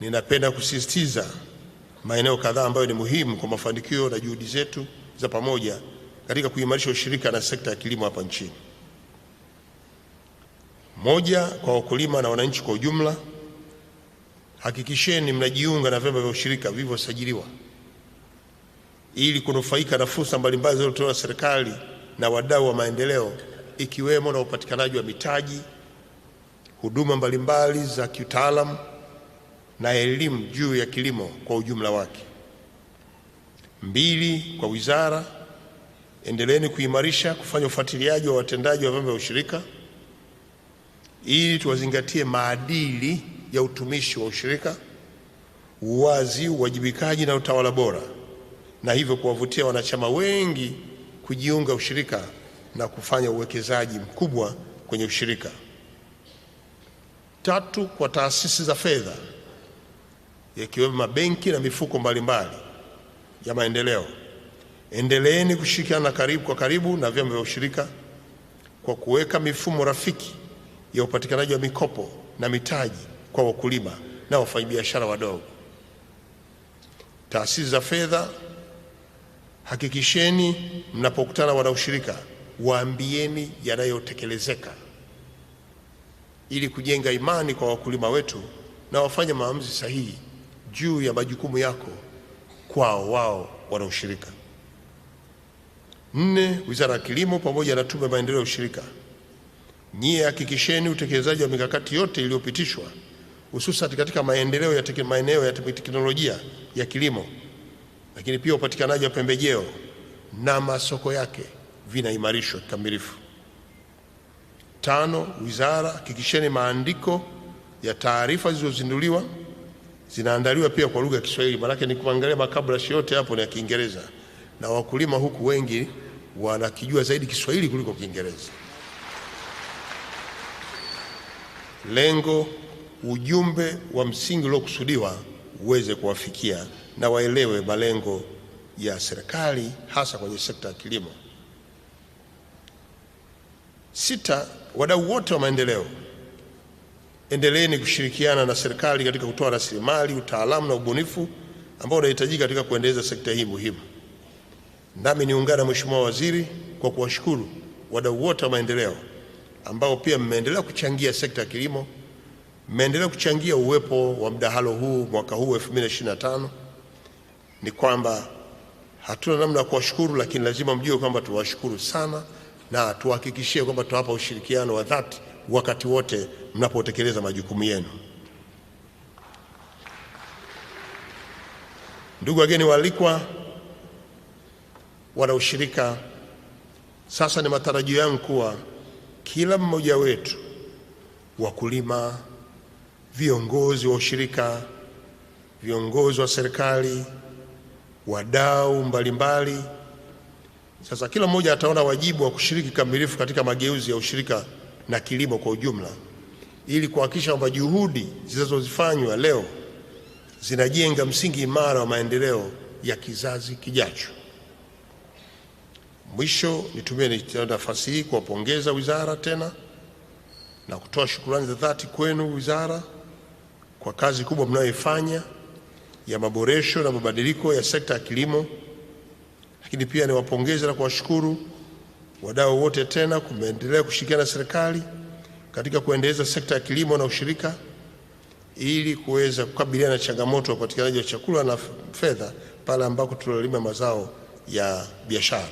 Ninapenda kusisitiza maeneo kadhaa ambayo ni muhimu kwa mafanikio na juhudi zetu za pamoja katika kuimarisha ushirika na sekta ya kilimo hapa nchini. Moja, kwa wakulima na wananchi kwa ujumla, hakikisheni mnajiunga na vyama vya ushirika vilivyosajiliwa ili kunufaika na fursa mbalimbali zinazotolewa na serikali na wadau wa maendeleo ikiwemo na upatikanaji wa mitaji, huduma mbalimbali za kiutaalamu na elimu juu ya kilimo kwa ujumla wake. Mbili, kwa wizara, endeleeni kuimarisha kufanya ufuatiliaji wa watendaji wa vyama vya ushirika ili tuwazingatie maadili ya utumishi wa ushirika, uwazi, uwajibikaji na utawala bora, na hivyo kuwavutia wanachama wengi kujiunga ushirika na kufanya uwekezaji mkubwa kwenye ushirika. Tatu, kwa taasisi za fedha yakiwemo mabenki na mifuko mbalimbali ya maendeleo. Endeleeni kushirikiana karibu kwa karibu na vyama vya ushirika kwa kuweka mifumo rafiki ya upatikanaji wa mikopo na mitaji kwa wakulima na wafanyabiashara wadogo. Taasisi za fedha, hakikisheni mnapokutana ushirika, waambieni yanayotekelezeka ili kujenga imani kwa wakulima wetu na wafanya maamuzi sahihi juu ya majukumu yako kwao wao wana ushirika. Nne, Wizara ya Kilimo pamoja na Tume Maendeleo ya Ushirika, nyie hakikisheni utekelezaji wa mikakati yote iliyopitishwa hususan katika maendeleo ya maeneo ya teknolojia ya kilimo, lakini pia upatikanaji wa pembejeo na masoko yake vinaimarishwa kikamilifu. Tano, wizara hakikisheni maandiko ya taarifa zilizozinduliwa zinaandaliwa pia kwa lugha ya Kiswahili, maanake ni kuangalia makabrashi yote hapo ni ya Kiingereza na wakulima huku wengi wanakijua zaidi Kiswahili kuliko Kiingereza. Lengo, ujumbe wa msingi uliokusudiwa uweze kuwafikia na waelewe malengo ya serikali hasa kwenye sekta ya kilimo. Sita, wadau wote wa maendeleo endeleeni kushirikiana na serikali katika kutoa rasilimali, utaalamu na ubunifu ambao unahitajika katika kuendeleza sekta hii muhimu. Nami niungana Mheshimiwa Waziri kwa kuwashukuru wadau wote wa maendeleo ambao pia mmeendelea kuchangia sekta ya kilimo, mmeendelea kuchangia uwepo wa mdahalo huu mwaka huu 2025. Ni kwamba hatuna namna ya kuwashukuru, lakini lazima mjue kwamba tuwashukuru sana na tuhakikishie kwamba tuwapa ushirikiano wa dhati wakati wote mnapotekeleza majukumu yenu. Ndugu wageni waalikwa, wana ushirika, sasa ni matarajio yangu kuwa kila mmoja wetu, wakulima, viongozi wa ushirika, viongozi wa serikali, wadau mbalimbali, sasa kila mmoja ataona wajibu wa kushiriki kikamilifu katika mageuzi ya ushirika na kilimo kwa ujumla ili kuhakikisha kwamba juhudi zinazozifanywa leo zinajenga msingi imara wa maendeleo ya kizazi kijacho. Mwisho, nitumie nafasi hii kuwapongeza wizara tena na kutoa shukrani za dhati kwenu wizara kwa kazi kubwa mnayoifanya ya maboresho na mabadiliko ya sekta ya kilimo, lakini pia niwapongeze na kuwashukuru wadau wote tena kumeendelea kushirikiana na serikali katika kuendeleza sekta ya kilimo na ushirika ili kuweza kukabiliana na changamoto ya upatikanaji wa chakula na fedha pale ambako tunalima mazao ya biashara.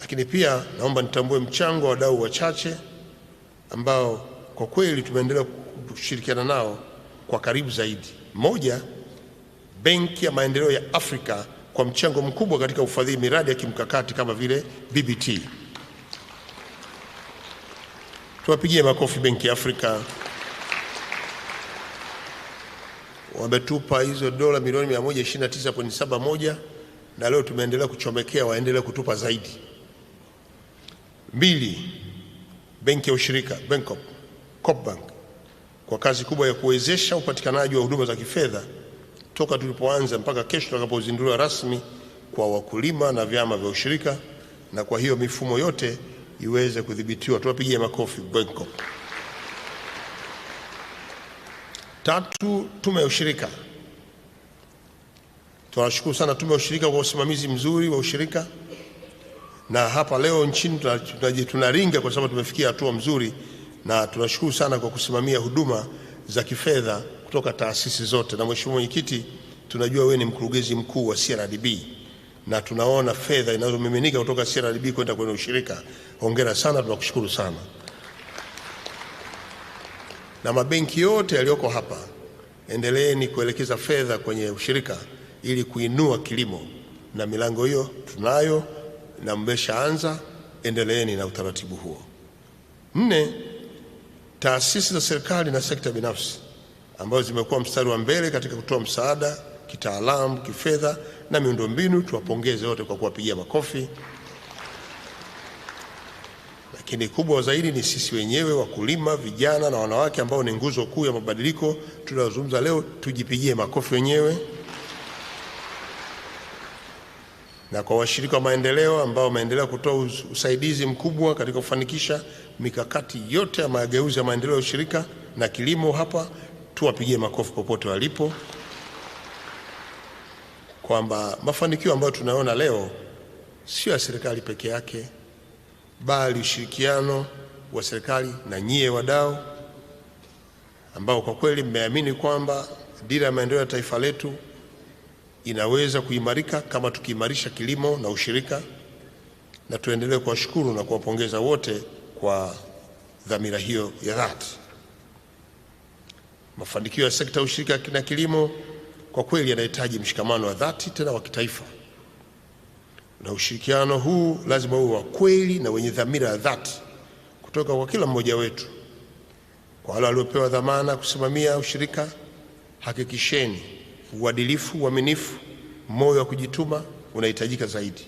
Lakini pia naomba nitambue mchango wa wadau wachache ambao kwa kweli tumeendelea kushirikiana nao kwa karibu zaidi. Moja, Benki ya Maendeleo ya Afrika kwa mchango mkubwa katika ufadhili miradi ya kimkakati kama vile BBT. Tuwapigie makofi Benki Afrika, wametupa hizo dola milioni 129.71 na leo tumeendelea kuchomekea, waendelee kutupa zaidi. Mbili, benki ya ushirika Benkoop, Coopbank kwa kazi kubwa ya kuwezesha upatikanaji wa huduma za kifedha toka tulipoanza mpaka kesho tutakapozinduliwa rasmi kwa wakulima na vyama vya ushirika, na kwa hiyo mifumo yote iweze kudhibitiwa. Tuwapigie makofi Bwenko. Tatu, tume ya ushirika. Tunashukuru sana tume ya ushirika kwa usimamizi mzuri wa ushirika, na hapa leo nchini tunaringa kwa sababu tumefikia hatua mzuri, na tunashukuru sana kwa kusimamia huduma za kifedha kutoka taasisi zote, na Mheshimiwa Mwenyekiti, tunajua wewe ni mkurugenzi mkuu wa CRDB na tunaona fedha inazomiminika kutoka CRDB kwenda kwenye ushirika. Hongera sana, tunakushukuru sana. Na mabenki yote yaliyoko hapa, endeleeni kuelekeza fedha kwenye ushirika ili kuinua kilimo, na milango hiyo tunayo na mmeshaanza, endeleeni na utaratibu huo. Nne, taasisi za serikali na sekta binafsi ambazo zimekuwa mstari wa mbele katika kutoa msaada kitaalamu, kifedha na miundombinu. Tuwapongeze wote kwa kuwapigia makofi, lakini kubwa zaidi ni sisi wenyewe wakulima, vijana na wanawake ambao ni nguzo kuu ya mabadiliko tunayozungumza leo. Tujipigie makofi wenyewe na kwa washirika wa maendeleo ambao wameendelea kutoa usaidizi mkubwa katika kufanikisha mikakati yote ya mageuzi ya maendeleo ya ushirika na kilimo hapa tuwapigie makofi popote walipo, kwamba mafanikio ambayo tunaona leo sio ya serikali peke yake, bali ushirikiano wa serikali na nyie wadau, ambao kwa kweli mmeamini kwamba dira ya maendeleo ya taifa letu inaweza kuimarika kama tukiimarisha kilimo na ushirika, na tuendelee kuwashukuru na kuwapongeza wote kwa dhamira hiyo ya dhati. Mafanikio ya sekta ya ushirika na kilimo kwa kweli yanahitaji mshikamano wa dhati tena wa kitaifa, na ushirikiano huu lazima uwe wa kweli na wenye dhamira ya dhati kutoka kwa kila mmoja wetu. Kwa wale waliopewa dhamana kusimamia ushirika, hakikisheni uadilifu, uaminifu, moyo wa kujituma unahitajika zaidi.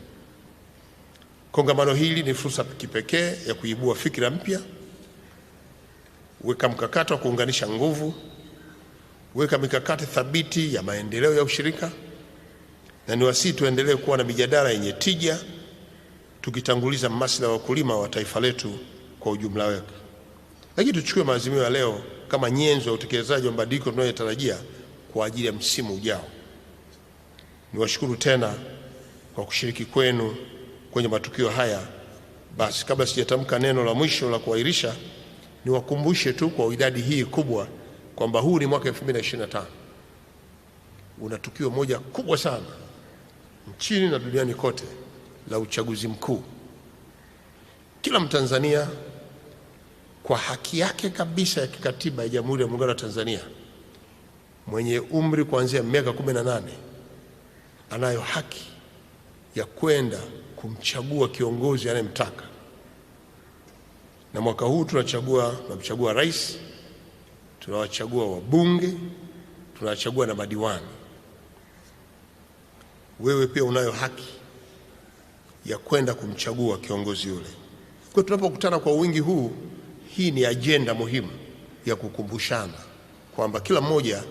Kongamano hili ni fursa kipekee ya kuibua fikra mpya, weka mkakati wa kuunganisha nguvu kuweka mikakati thabiti ya maendeleo ya ushirika, na niwasihi tuendelee kuwa na mijadala yenye tija, tukitanguliza maslahi ya wakulima wa taifa letu kwa ujumla wake. Lakini tuchukue maazimio ya leo kama nyenzo ya utekelezaji wa mabadiliko tunayotarajia kwa ajili ya msimu ujao. Niwashukuru tena kwa kushiriki kwenu kwenye matukio haya. Basi kabla sijatamka neno la mwisho la kuahirisha, niwakumbushe tu kwa idadi hii kubwa kwamba huu ni mwaka 2025 una tukio moja kubwa sana nchini na duniani kote la uchaguzi mkuu. Kila Mtanzania kwa haki yake kabisa ya kikatiba ya Jamhuri ya Muungano wa Tanzania, mwenye umri kuanzia miaka 18 anayo haki ya kwenda kumchagua kiongozi anayemtaka, na mwaka huu tunachagua tunamchagua rais tunawachagua wabunge, tunawachagua na madiwani. Wewe pia unayo haki ya kwenda kumchagua kiongozi yule. Kwa tunapokutana kwa wingi huu, hii ni ajenda muhimu ya kukumbushana kwamba kila mmoja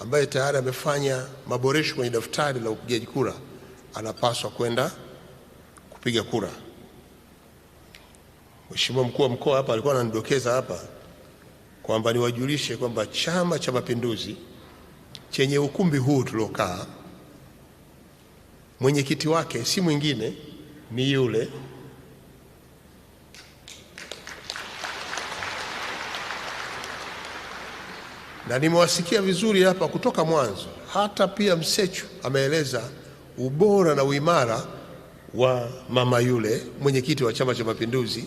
ambaye tayari amefanya maboresho kwenye daftari la upigaji kura anapaswa kwenda kupiga kura. Mheshimiwa mkuu wa mkoa hapa alikuwa ananidokeza hapa kwamba niwajulishe kwamba Chama cha Mapinduzi chenye ukumbi huu tuliokaa, mwenyekiti wake si mwingine ni yule na nimewasikia vizuri hapa kutoka mwanzo, hata pia Msechu ameeleza ubora na uimara wa mama yule mwenyekiti wa Chama cha Mapinduzi.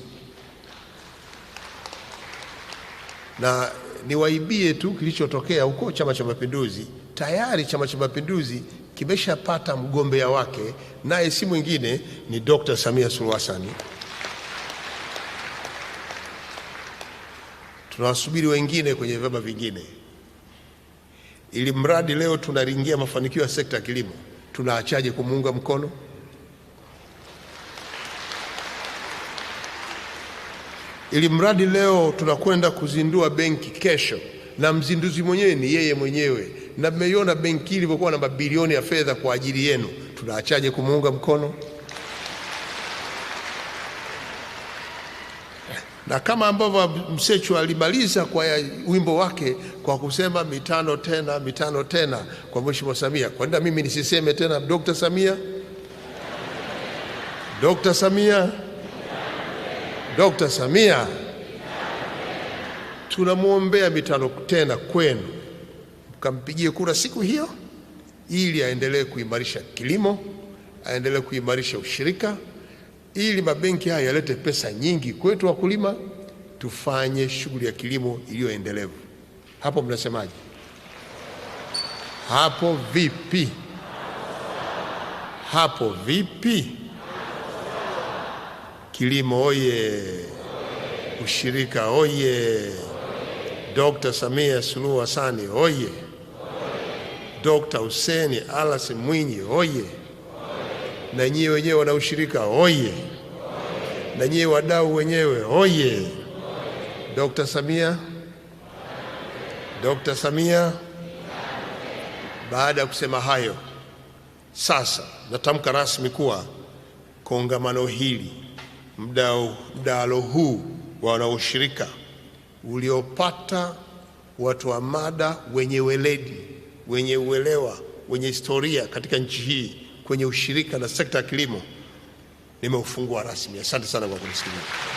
na niwaibie tu kilichotokea huko Chama cha Mapinduzi. Tayari Chama cha Mapinduzi kimeshapata mgombea wake, naye si mwingine ni Dr. Samia Suluhu Hassan. Tunawasubiri wengine kwenye vyama vingine, ili mradi leo tunaringia mafanikio ya sekta ya kilimo, tunaachaje kumuunga mkono? Ili mradi leo tunakwenda kuzindua benki kesho, na mzinduzi mwenyewe ni yeye mwenyewe, na mmeiona benki hii ilivyokuwa na mabilioni ya fedha kwa ajili yenu, tunaachaje kumuunga mkono? Na kama ambavyo Msechu alimaliza kwa wimbo wake kwa kusema mitano tena, mitano tena kwa Mheshimiwa Samia, kwenda mimi nisiseme tena Dr. Samia, Dr. Samia. Dr. Samia tunamwombea mitano tena kwenu, mkampigie kura siku hiyo, ili aendelee kuimarisha kilimo, aendelee kuimarisha ushirika, ili mabenki haya yalete pesa nyingi kwetu wakulima, tufanye shughuli ya kilimo iliyoendelevu. Hapo mnasemaje? Hapo vipi? Hapo vipi? Kilimo oye! Ushirika oye! Dr. Samia Suluhu hasani oye! Dr. Hussein Alas Mwinyi oye! Na nyie wenyewe wana ushirika oye! Na nyie wadau wenyewe oye! Dr. Samia, Dr. Samia. Baada ya kusema hayo, sasa natamka rasmi kuwa kongamano hili mdahalo huu wa wanaoshirika uliopata watu wa mada wenye weledi, wenye uelewa, wenye historia katika nchi hii kwenye ushirika na sekta ya kilimo nimeufungua rasmi. Asante sana kwa kunisikiliza.